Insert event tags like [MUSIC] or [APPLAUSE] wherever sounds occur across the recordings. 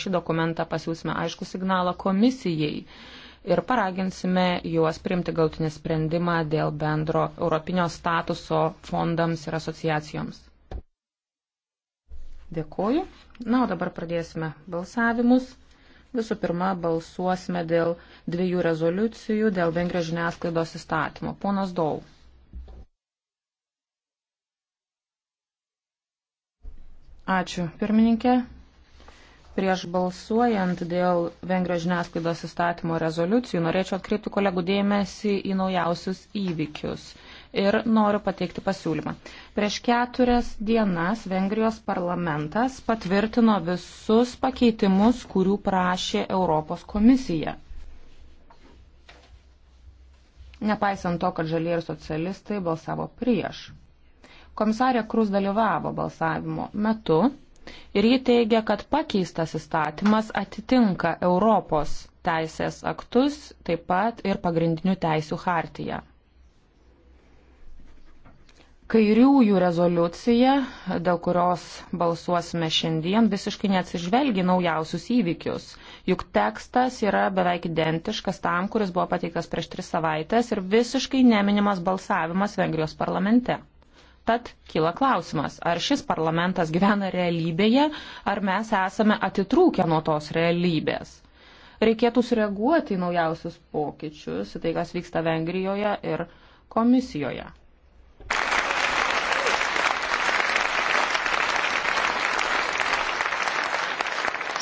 šį dokumentą pasiūsime aišku signalą komisijai ir paraginsime juos priimti galtinį sprendimą dėl bendro europinio statuso fondams ir asociacijoms. Dėkoju. Na, o dabar pradėsime balsavimus. Visų pirma, balsuosime dėl dviejų rezoliucijų dėl Vengrijos žiniasklaidos įstatymo. Ponas Dau. Ačiū, pirmininkė prieš balsuojant dėl Vengrijos žiniasklaidos įstatymo rezoliucijų norėčiau atkreipti kolegų dėmesį į naujausius įvykius ir noriu pateikti pasiūlymą. Prieš keturias dienas Vengrijos parlamentas patvirtino visus pakeitimus, kurių prašė Europos komisija. Nepaisant to, kad žalieji ir socialistai balsavo prieš. Komisarė Krus dalyvavo balsavimo metu Ir ji teigia, kad pakeistas įstatymas atitinka Europos teisės aktus, taip pat ir pagrindinių teisių hartiją. Kairiųjų rezoliucija, dėl kurios balsuosime šiandien, visiškai neatsižvelgia naujausius įvykius, juk tekstas yra beveik identiškas tam, kuris buvo pateiktas prieš tris savaitės ir visiškai neminimas balsavimas Vengrijos parlamente. Tad kyla klausimas, ar šis parlamentas gyvena realybėje, ar mes esame atitrūkę nuo tos realybės. Reikėtų sureaguoti į naujausius pokyčius, į tai, kas vyksta Vengrijoje ir komisijoje.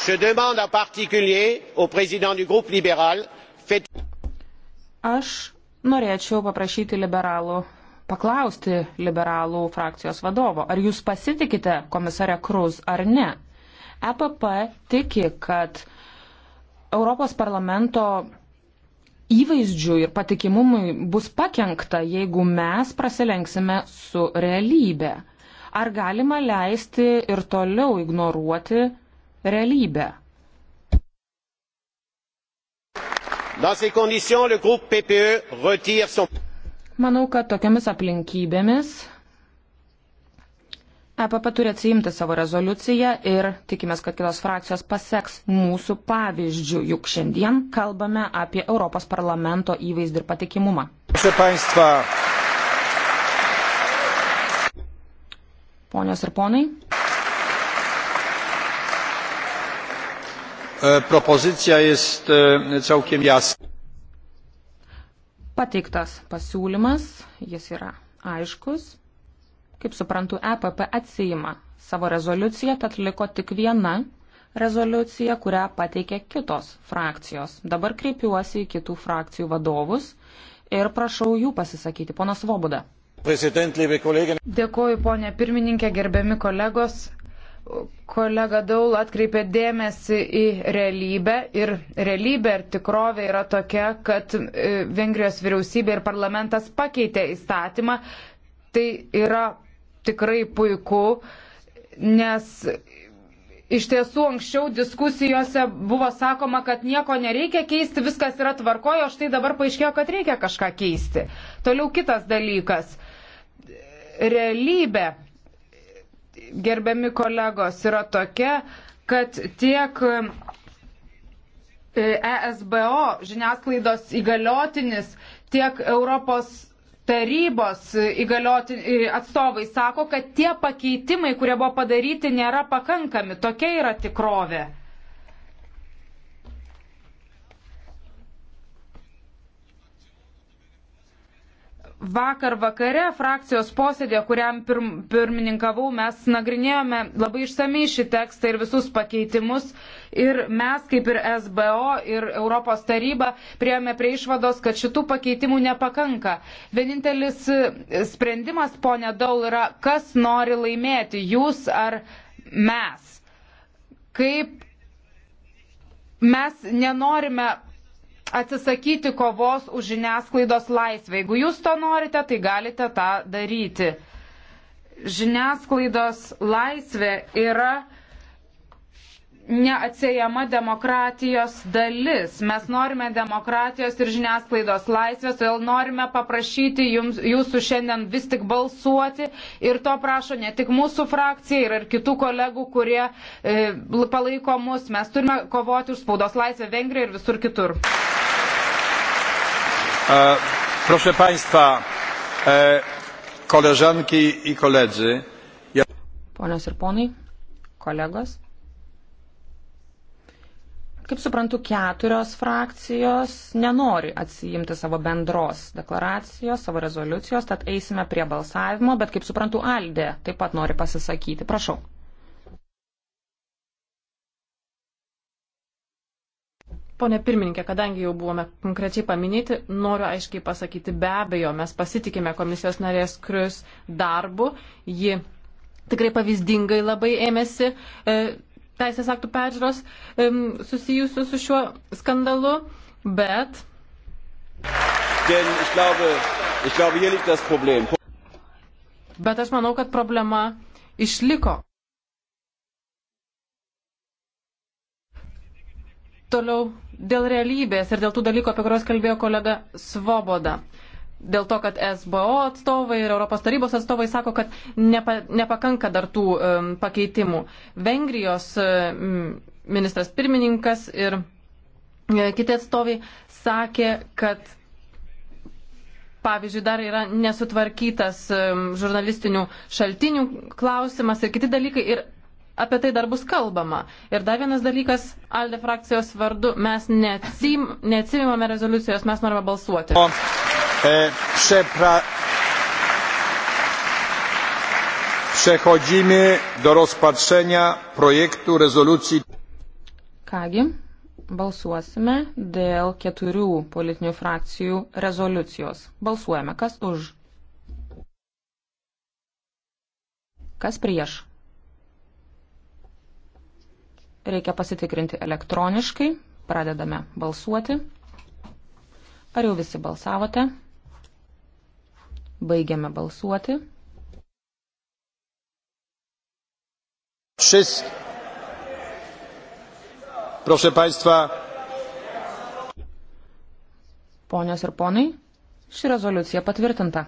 je demande en particulier au président du groupe libéral fait... Aš norėčiau paprašyti liberalų paklausti liberalų frakcijos vadovo, ar jūs pasitikite komisarė Kruz ar ne. EPP tiki, kad Europos parlamento įvaizdžių ir patikimumui bus pakengta, jeigu mes prasilenksime su realybė. Ar galima leisti ir toliau ignoruoti realybę? Dans ces conditions, le groupe PPE retire son... Manau, kad tokiamis aplinkybėmis EPP turi atsiimti savo rezoliuciją ir tikimės, kad kitos frakcijos paseks mūsų pavyzdžių, juk šiandien kalbame apie Europos parlamento įvaizdį ir patikimumą. Ponios ir ponai. E, propozycja jest e, całkiem jasna. Pateiktas pasiūlymas, jis yra aiškus. Kaip suprantu, EPP atsijima savo rezoliuciją, tad liko tik viena rezoliucija, kurią pateikė kitos frakcijos. Dabar kreipiuosi į kitų frakcijų vadovus ir prašau jų pasisakyti. Ponas Voboda. Dėkuoju, ponė pirmininkė, gerbiami kolegos kolega Daul atkreipė dėmesį į realybę ir realybė ir tikrovė yra tokia, kad e, Vengrijos vyriausybė ir parlamentas pakeitė įstatymą. Tai yra tikrai puiku, nes iš tiesų anksčiau diskusijose buvo sakoma, kad nieko nereikia keisti, viskas yra tvarkojo, o štai dabar paaiškėjo, kad reikia kažką keisti. Toliau kitas dalykas. Realybė gerbiami kolegos, yra tokia, kad tiek ESBO e žiniasklaidos įgaliotinis, tiek Europos tarybos atstovai sako, kad tie pakeitimai, kurie buvo padaryti, nėra pakankami. Tokia yra tikrovė. vakar vakare frakcijos posėdė, kuriam pirm, pirmininkavau, mes nagrinėjome labai išsamei šį tekstą ir visus pakeitimus. Ir mes, kaip ir SBO ir Europos taryba, priejome prie išvados, kad šitų pakeitimų nepakanka. Vienintelis e, sprendimas, ponė Daul, yra, kas nori laimėti, jūs ar mes. Kaip mes nenorime atsisakyti kovos už žiniasklaidos laisvę. Jeigu jūs to norite, tai galite tą daryti. Žiniasklaidos laisvė yra neatsiejama demokratijos dalis. Mes norime demokratijos ir žiniasklaidos laisvės, todėl norime paprašyti jums, jūsų šiandien vis tik balsuoti ir to prašo ne tik mūsų frakcija ir, ir kitų kolegų, kurie e, palaiko mus. Mes turime kovoti už spaudos laisvę Vengrijoje ir visur kitur. E, proszę Państwa, e, koleżanki i koledzy. Ja... Ponios ir ponai, kolegos. Kaip suprantu, keturios frakcijos nenori atsijimti savo bendros deklaracijos, savo rezoliucijos, tad eisime prie balsavimo, bet kaip suprantu, Aldė taip pat nori pasisakyti. Prašau. Pone pirmininkė, kadangi jau buvome konkrečiai paminėti, noriu aiškiai pasakyti, be abejo, mes pasitikime komisijos narės Krius darbu. Ji tikrai pavyzdingai labai ėmėsi e, teisės aktų peržiūros susijusių su šiuo skandalu, bet. Bet aš manau, kad problema išliko. Toliau dėl realybės ir dėl tų dalykų, apie kuriuos kalbėjo kolega Svoboda dėl to, kad SBO atstovai ir Europos tarybos atstovai sako, kad nepa, nepakanka dar tų um, pakeitimų. Vengrijos um, ministras pirmininkas ir e, kiti atstovai sakė, kad pavyzdžiui, dar yra nesutvarkytas žurnalistinių šaltinių klausimas ir kiti dalykai. Ir apie tai dar bus kalbama. Ir dar vienas dalykas, Alde frakcijos vardu, mes neatsimame rezoliucijos, mes norime balsuoti. O. E, przepra... Przechodzimy do rozpatrzenia projektu rezolucji. Kągi, balsuosime dėl keturių politinių frakcijų rezoliucijos. Balsuojame, kas už. Kas prieš? Reikia pasitikrinti elektroniškai. Pradedame balsuoti. Ar jau visi balsavote? Baigiame balsuoti. Wszyscy. Proszę Państwa. Ponios ir ponai, ši rezoliucija patvirtinta.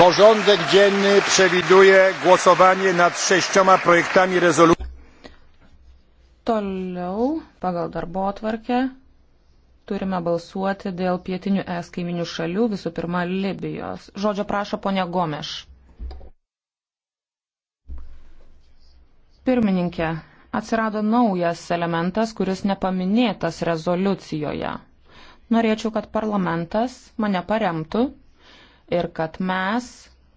Porządek dzienny przewiduje głosowanie nad sześcioma projektami rezolucji. Toliau pagal darbo atvarkę turime balsuoti dėl pietinių es kaiminių šalių, visų pirma Libijos. Žodžio prašo ponia Gomeš. Pirmininkė, atsirado naujas elementas, kuris nepaminėtas rezoliucijoje. Norėčiau, kad parlamentas mane paremtų ir kad mes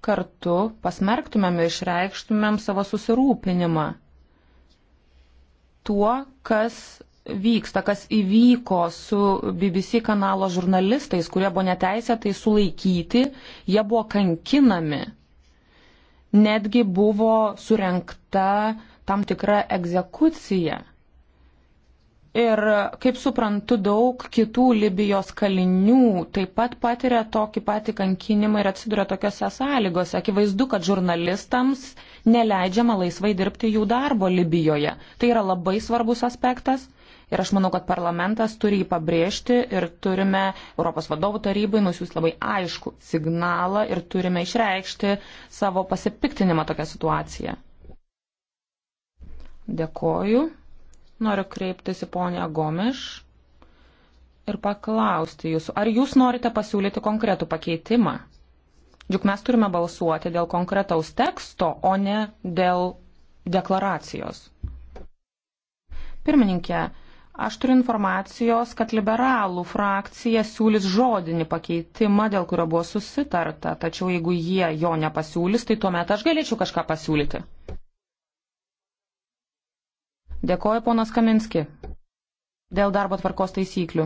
kartu pasmerktumėm ir išreikštumėm savo susirūpinimą tuo, kas vyksta, kas įvyko su BBC kanalo žurnalistais, kurie buvo neteisėtai sulaikyti, jie buvo kankinami. Netgi buvo surenkta tam tikra egzekucija. Ir kaip suprantu, daug kitų Libijos kalinių taip pat patiria tokį patį kankinimą ir atsiduria tokiose sąlygose. Akivaizdu, kad žurnalistams neleidžiama laisvai dirbti jų darbo Libijoje. Tai yra labai svarbus aspektas. Ir aš manau, kad parlamentas turi jį pabrėžti ir turime Europos vadovų tarybai nusiųsti labai aišku signalą ir turime išreikšti savo pasipiktinimą tokią situaciją. Dėkoju. Noriu kreiptis į ponę Gomiš ir paklausti jūsų, ar jūs norite pasiūlyti konkretų pakeitimą? Juk mes turime balsuoti dėl konkretaus teksto, o ne dėl deklaracijos. Pirmininkė, aš turiu informacijos, kad liberalų frakcija siūlys žodinį pakeitimą, dėl kurio buvo susitarta, tačiau jeigu jie jo nepasiūlys, tai tuomet aš galėčiau kažką pasiūlyti. Dėkoju, ponas Kaminski, dėl darbo tvarkos taisyklių.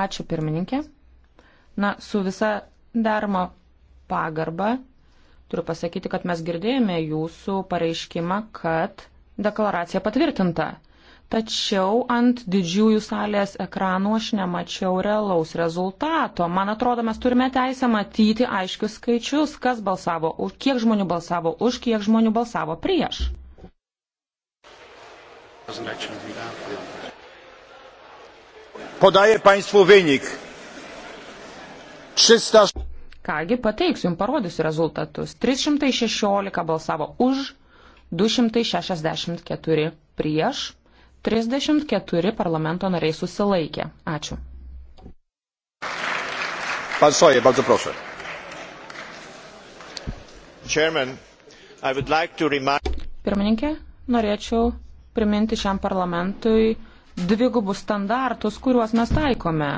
Ačiū, pirmininkė. Na, su visa daroma pagarba turiu pasakyti, kad mes girdėjome jūsų pareiškimą, kad deklaracija patvirtinta. Tačiau ant didžiųjų salės ekranų aš nemačiau realaus rezultato. Man atrodo, mes turime teisę matyti aiškius skaičius, kas balsavo, kiek žmonių balsavo už, kiek žmonių balsavo prieš. Podaję Państwu wynik. 300. Kągi pateiksiu, jums parodysiu rezultatus. 316 balsavo už, 264 prieš, 34 parlamento nariai susilaikė. Ačiū. Pan Soje, bardzo proszę. Chairman, I would like to remind... Pirmininkė, norėčiau priminti šiam parlamentui dvigubus standartus, kuriuos mes taikome.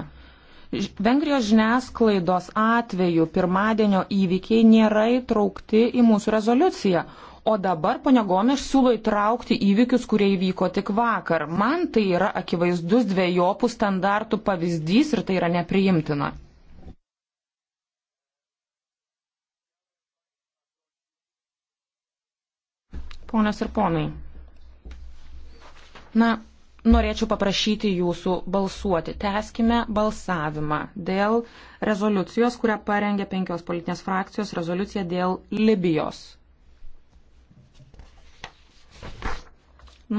Vengrijos žiniasklaidos atveju pirmadienio įvykiai nėra įtraukti į mūsų rezoliuciją, o dabar ponia Gomeš siūlo įtraukti įvykius, kurie įvyko tik vakar. Man tai yra akivaizdus dviejopų standartų pavyzdys ir tai yra nepriimtina. Ponios ir ponai. Na, norėčiau paprašyti jūsų balsuoti. Teskime balsavimą dėl rezoliucijos, kurią parengė penkios politinės frakcijos rezoliucija dėl Libijos.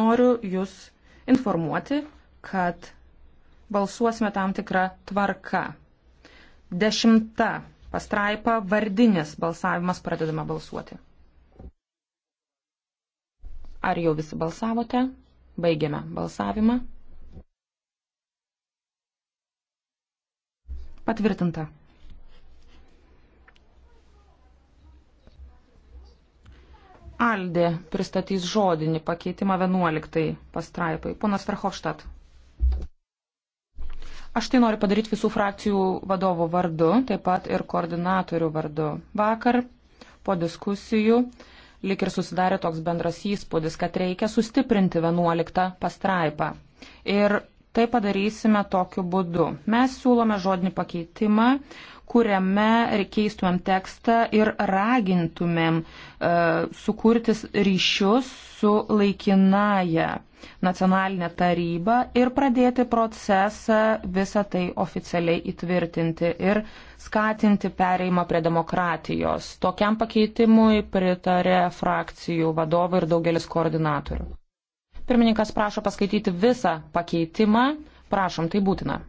Noriu jūs informuoti, kad balsuosime tam tikrą tvarką. Dešimta pastraipa vardinis balsavimas pradedama balsuoti. Ar jau visi balsavote? Baigiame balsavimą. Patvirtinta. Aldė pristatys žodinį pakeitimą 11 pastraipai. Ponas Verhofstadt. Aš tai noriu padaryti visų frakcijų vadovų vardu, taip pat ir koordinatorių vardu. Vakar po diskusijų lik ir susidarė toks bendras įspūdis, kad reikia sustiprinti 11 pastraipą. Ir tai padarysime tokiu būdu. Mes siūlome žodinį pakeitimą, kuriame keistumėm tekstą ir ragintumėm e, sukurtis ryšius su laikinaja nacionalinė taryba ir pradėti procesą visą tai oficialiai įtvirtinti ir skatinti pereimą prie demokratijos. Tokiam pakeitimui pritarė frakcijų vadovai ir daugelis koordinatorių. Pirmininkas prašo paskaityti visą pakeitimą. Prašom, tai būtina.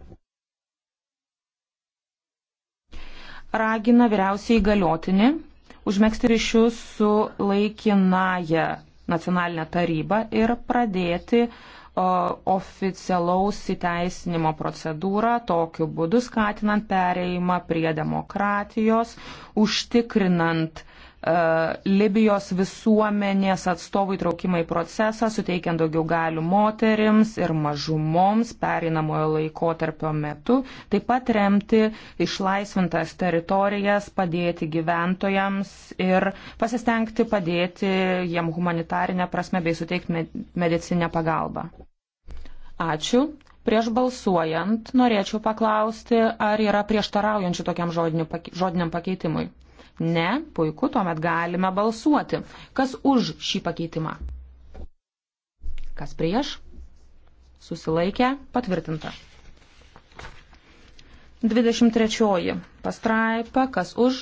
ragina vyriausiai įgaliotinį užmėgsti ryšius su laikinaja nacionalinė taryba ir pradėti oficialaus įteisinimo procedūrą, tokiu būdu skatinant pereimą prie demokratijos, užtikrinant uh, E, Libijos visuomenės atstovų įtraukimą į procesą, suteikiant daugiau galių moterims ir mažumoms perinamojo laiko tarpio metu, taip pat remti išlaisvintas teritorijas, padėti gyventojams ir pasistengti padėti jiem humanitarinę prasme bei suteikti medicinę pagalbą. Ačiū. Prieš balsuojant norėčiau paklausti, ar yra prieštaraujančių tokiam žodiniam pakeitimui. Ne, puiku, tuomet galime balsuoti. Kas už šį pakeitimą? Kas prieš? Susilaikę, patvirtinta. 23 pastraipa, kas už?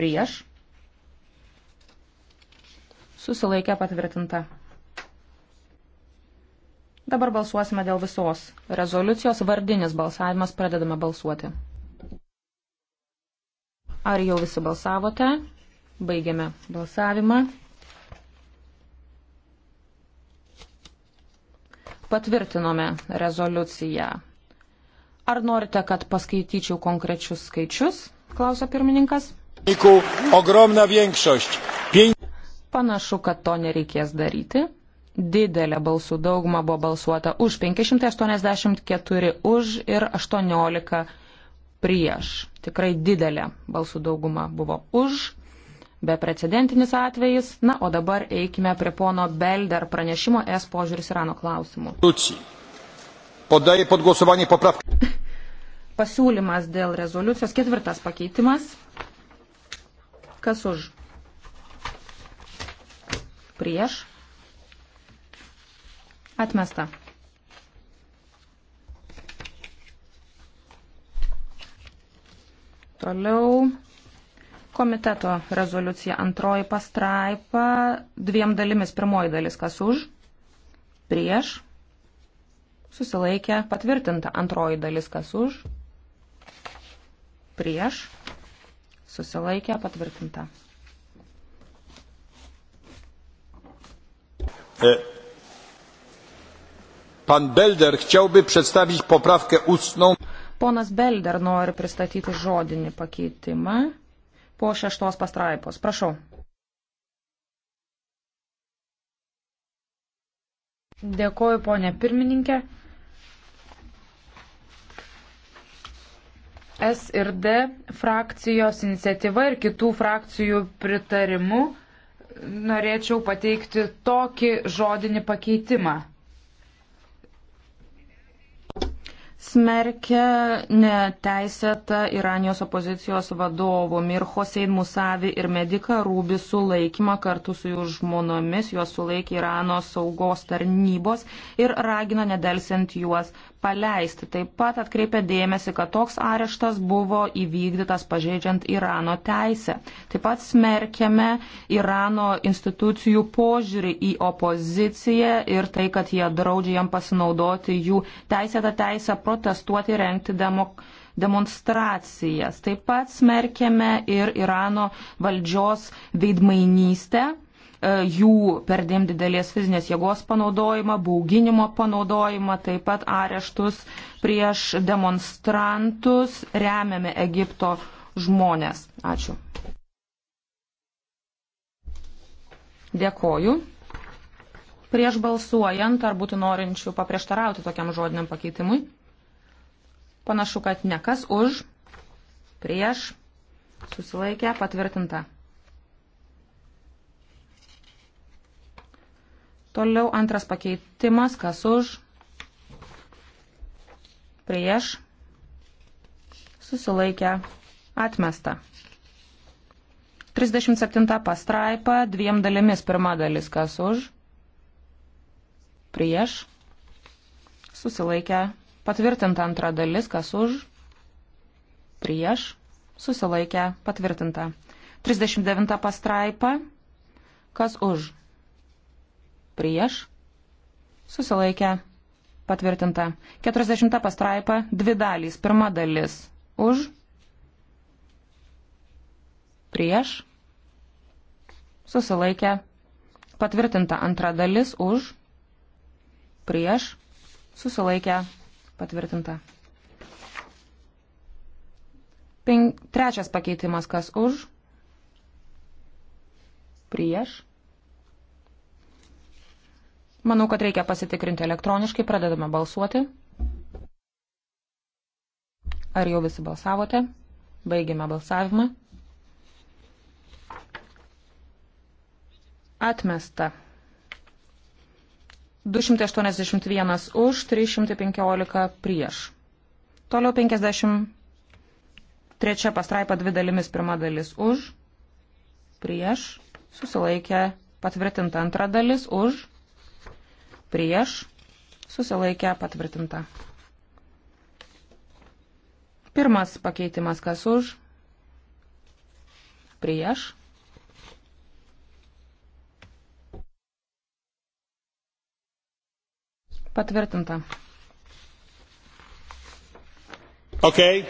Prieš? Susilaikę, patvirtinta. Dabar balsuosime dėl visos rezoliucijos. Vardinis balsavimas pradedame balsuoti. Ar jau visi balsavote? Baigiame balsavimą. Patvirtinome rezoliuciją. Ar norite, kad paskaityčiau konkrečius skaičius? Klausia pirmininkas. Panašu, kad to nereikės daryti. Didelė balsų dauguma buvo balsuota už 584 už ir 18 prieš. Tikrai didelė balsų dauguma buvo už. Beprecedentinis atvejis. Na, o dabar eikime prie pono Belder pranešimo S požiūris Irano klausimų. Podaje pod głosowanie poprawkę. [LAUGHS] Pasiūlymas dėl rezoliucijos. Ketvirtas pakeitimas. Kas už? Prieš. Atmesta. Toliau komiteto rezoliucija antroji pastraipa dviem dalimis. Pirmoji dalis kas už, prieš, susilaikė, patvirtinta. Antroji dalis kas už, prieš, susilaikė, patvirtinta. E, pan Belder chciałby przedstawić poprawkę ustną. Ponas Belder nori pristatyti žodinį pakeitimą po šeštos pastraipos. Prašau. Dėkoju, ponė pirmininkė. S ir D frakcijos iniciatyva ir kitų frakcijų pritarimu norėčiau pateikti tokį žodinį pakeitimą. smerkia neteisėtą Iranijos opozicijos vadovų Mir Hosein Musavi ir mediką Rūbi sulaikymą kartu su jų žmonomis. Juos sulaikė Irano saugos tarnybos ir ragino nedelsiant juos paleisti. Taip pat atkreipia dėmesį, kad toks areštas buvo įvykdytas pažeidžiant Irano teisę. Taip pat smerkiame Irano institucijų požiūrį į opoziciją ir tai, kad jie draudžia jam pasinaudoti jų teisėtą teisę protestuoti, renkti demok demonstracijas. Taip pat smerkėme ir Irano valdžios veidmainystę e, jų perdėm didelės fizinės jėgos panaudojimą, bauginimo panaudojimą, taip pat areštus prieš demonstrantus remiame Egipto žmonės. Ačiū. Dėkoju. Prieš balsuojant, ar būtų norinčių paprieštarauti tokiam žodiniam pakeitimui? Panašu, kad ne kas už, prieš, susilaikę, patvirtinta. Toliau antras pakeitimas, kas už, prieš, susilaikę, atmesta. 37 pastraipa, dviem dalimis, pirma dalis, kas už, prieš, susilaikę, Patvirtinta antra dalis, kas už, prieš, susilaikę, patvirtinta. 39 pastraipa, kas už, prieš, susilaikę, patvirtinta. 40 pastraipa, dvi dalys, pirma dalis, už, prieš, susilaikę, patvirtinta antra dalis, už, prieš, susilaikę, Patvirtinta. Pen... Trečias pakeitimas, kas už? Prieš. Manau, kad reikia pasitikrinti elektroniškai, pradedame balsuoti. Ar jau visi balsavote? Baigėme balsavimą. Atmesta. 281 už, 315 prieš. Toliau 53 pastraipa dvi dalimis, pirma dalis už, prieš, susilaikė patvirtinta antra dalis už, prieš, susilaikė patvirtinta. Pirmas pakeitimas kas už, prieš, Patvirtinta. Okei, okay.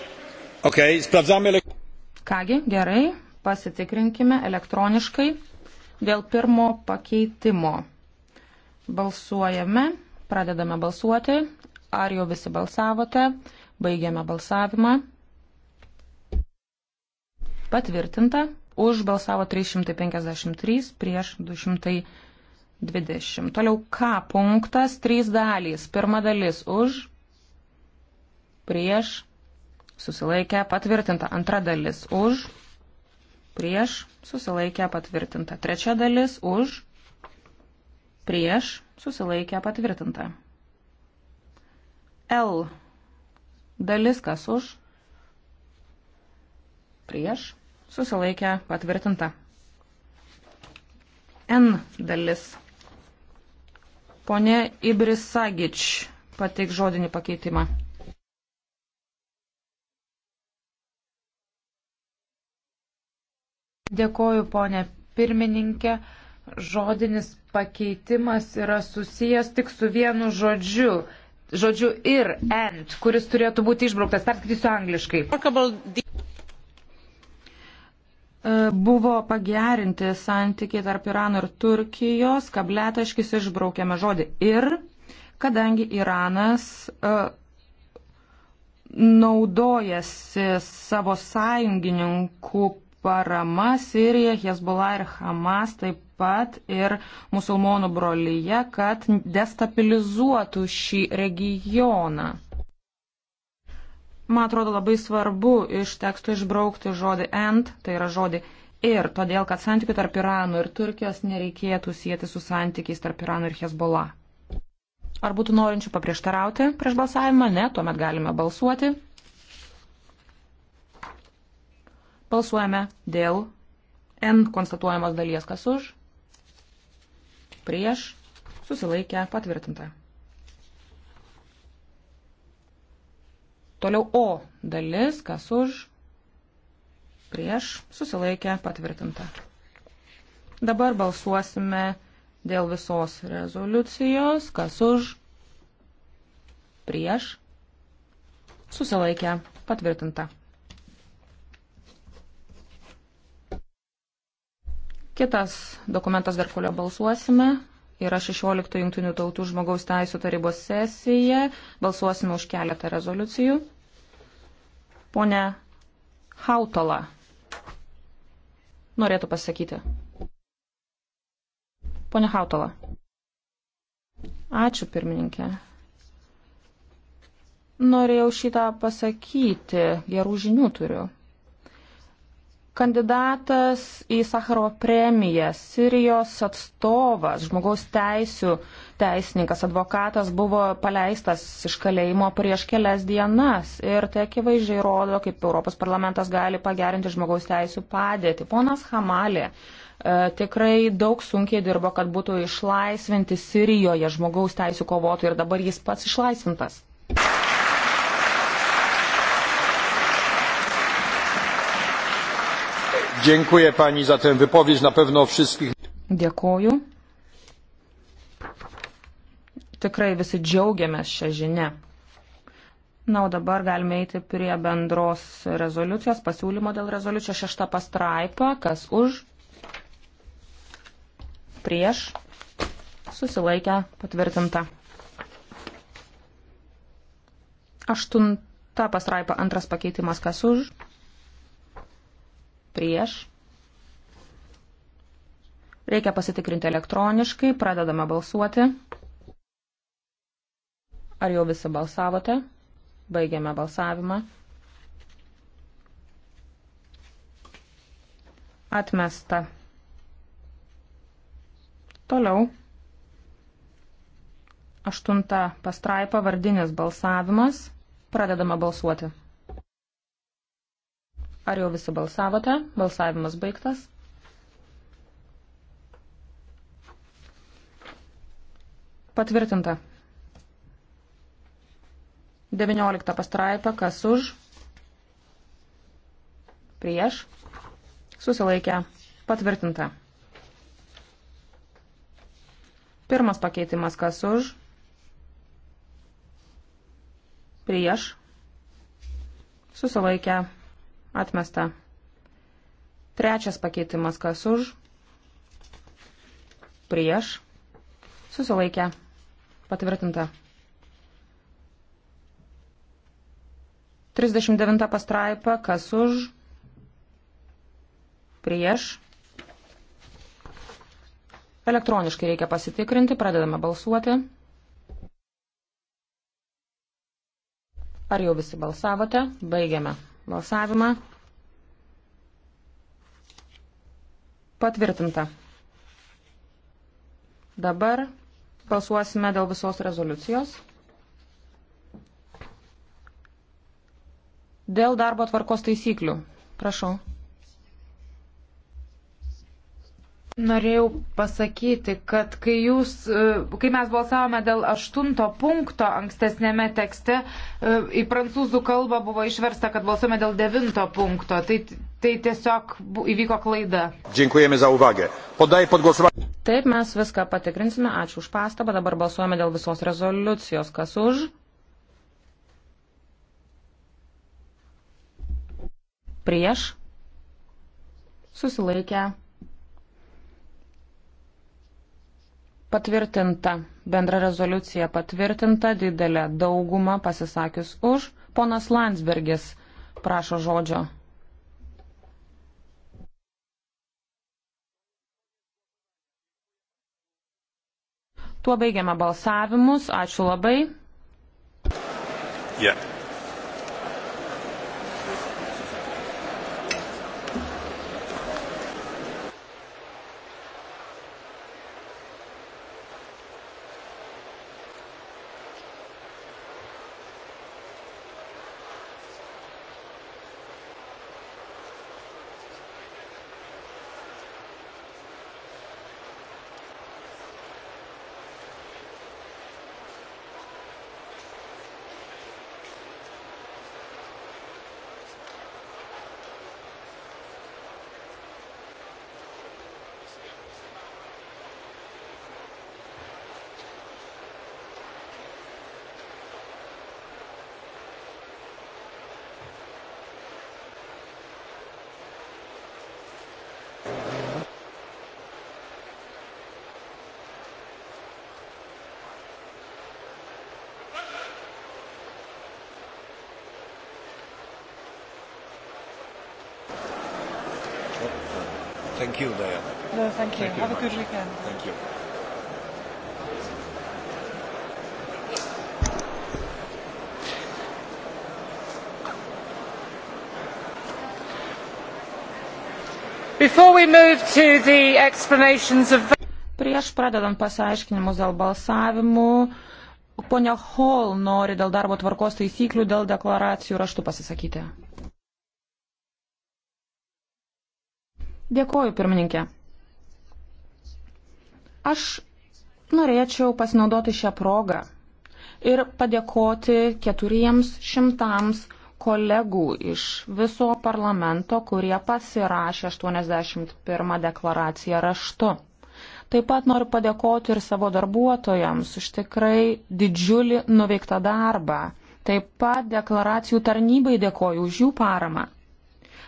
okei, okay. sprawdzamy. Kągi, gerai, pasitikrinkime elektroniškai dėl pirmo pakeitimo. Balsuojame, pradedame balsuoti. Ar jau visi balsavote? Baigiame balsavimą. Patvirtinta. Už balsavo 353, prieš 200. 20. Toliau K punktas, trys dalys. Pirma dalis už, prieš, susilaikę, patvirtinta. Antra dalis už, prieš, susilaikę, patvirtinta. Trečia dalis už, prieš, susilaikę, patvirtinta. L dalis kas už, prieš, susilaikę, patvirtinta. N dalis Pone Ibris Sagič pateik žodinį pakeitimą. Dėkoju, ponė pirmininkė. Žodinis pakeitimas yra susijęs tik su vienu žodžiu. Žodžiu ir and, kuris turėtų būti išbrauktas. Perskaitysiu angliškai. E, buvo pagerinti santykiai tarp Irano ir Turkijos, kabletaškis išbraukėme žodį ir, kadangi Iranas e, naudojasi savo sąjungininkų parama Sirija, Hezbollah ir Hamas taip pat ir musulmonų brolyje, kad destabilizuotų šį regioną. Man atrodo labai svarbu iš teksto išbraukti žodį and, tai yra žodį ir, todėl kad santykių tarp Irano ir Turkijos nereikėtų sieti su santykiais tarp Irano ir Hezbollah. Ar būtų norinčių paprieštarauti prieš balsavimą? Ne, tuomet galime balsuoti. Balsuojame dėl N konstatuojamos dalies, kas už, prieš, susilaikę, patvirtinta. Toliau O dalis, kas už, prieš, susilaikė, patvirtinta. Dabar balsuosime dėl visos rezoliucijos, kas už, prieš, susilaikė, patvirtinta. Kitas dokumentas, dar kurio balsuosime, yra 16 Junktinių tautų žmogaus teisų tarybos sesija. Balsuosime už keletą rezoliucijų. Pone Hautola norėtų pasakyti. Pone Hautola. Ačiū, pirmininkė. Norėjau šitą pasakyti, gerų žinių turiu kandidatas į Sakaro premiją, Sirijos atstovas, žmogaus teisų teisininkas, advokatas buvo paleistas iš kalėjimo prieš kelias dienas ir tai akivaizdžiai rodo, kaip Europos parlamentas gali pagerinti žmogaus teisų padėtį. Ponas Hamalė e, tikrai daug sunkiai dirbo, kad būtų išlaisvinti Sirijoje žmogaus teisų kovotojų ir dabar jis pats išlaisvintas. Dziękuję pani za tę wypowiedź. Na pewno wszystkich. Dėkoju. Tikrai visi džiaugiamės šią žinę. Na, o dabar galime eiti prie bendros rezoliucijos, pasiūlymo dėl rezoliucijos šešta pastraipa, kas už, prieš, susilaikę, patvirtinta. Aštunta pastraipa, antras pakeitimas, kas už, prieš. Reikia pasitikrinti elektroniškai, pradedame balsuoti. Ar jau visi balsavote? Baigiame balsavimą. Atmesta. Toliau. Aštunta pastraipa vardinis balsavimas. Pradedame balsuoti. Ar jau visi balsavote? Balsavimas baigtas. Patvirtinta. 19 pastraipa, kas už, prieš, susilaikę, patvirtinta. Pirmas pakeitimas, kas už, prieš, susilaikę, patvirtinta Atmesta. Trečias pakeitimas kas už. Prieš. Susilaikę. Patvirtinta. 39 pastraipa kas už. Prieš. Elektroniškai reikia pasitikrinti, pradedame balsuoti. Ar jau visi balsavote? Baigiame. Balsavimą. Patvirtinta. Dabar balsuosime dėl visos rezoliucijos. Dėl darbo tvarkos taisyklių. Prašau. Norėjau pasakyti, kad kai, jūs, e, kai mes balsavome dėl aštunto punkto ankstesnėme tekste, e, į prancūzų kalbą buvo išversta, kad balsuojame dėl devinto punkto. Tai, tai tiesiog įvyko klaida. Dėkujame za uvagę. Podai pod głosovanie. Taip, mes viską patikrinsime. Ačiū už pastabą. Dabar balsuojame dėl visos rezoliucijos. Kas už? Prieš? Susilaikę. Patvirtinta bendra rezoliucija patvirtinta didelė dauguma pasisakius už. Ponas Landsbergis prašo žodžio. Tuo baigiame balsavimus. Ačiū labai. Yeah. Thank you, Diana. No, thank you. Thank you Have a good weekend. Thank you. Before we move to the explanations of Prieš pradedant pasiaiškinimus dėl balsavimų, ponia Hall nori dėl darbo tvarkos taisyklių, dėl deklaracijų raštų pasisakyti. Dėkoju, pirmininkė. Aš norėčiau pasinaudoti šią progą ir padėkoti keturiems šimtams kolegų iš viso parlamento, kurie pasirašė 81 deklaraciją raštu. Taip pat noriu padėkoti ir savo darbuotojams už tikrai didžiulį nuveiktą darbą. Taip pat deklaracijų tarnybai dėkoju už jų paramą.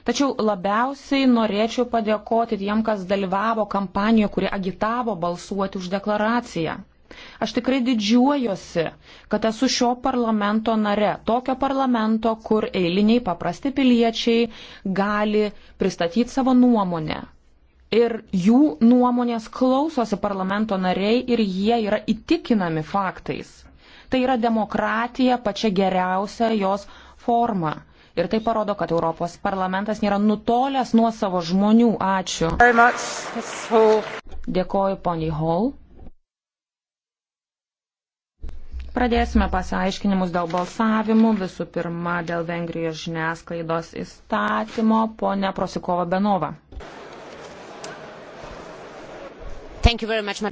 Tačiau labiausiai norėčiau padėkoti tiem, kas dalyvavo kampanijoje, kurie agitavo balsuoti už deklaraciją. Aš tikrai didžiuojuosi, kad esu šio parlamento nare, tokio parlamento, kur eiliniai paprasti piliečiai gali pristatyti savo nuomonę, ir jų nuomonės klausosi parlamento nariai ir jie yra įtikinami faktais. Tai yra demokratija pačia geriausia jos forma. Ir tai parodo, kad Europos parlamentas nėra nutolęs nuo savo žmonių. Ačiū. Dėkoju poniai Hall. Pradėsime pasiaiškinimus dėl balsavimų. Visų pirma, dėl Vengrijos žiniasklaidos įstatymo. Pone Prosikova Benova. Much,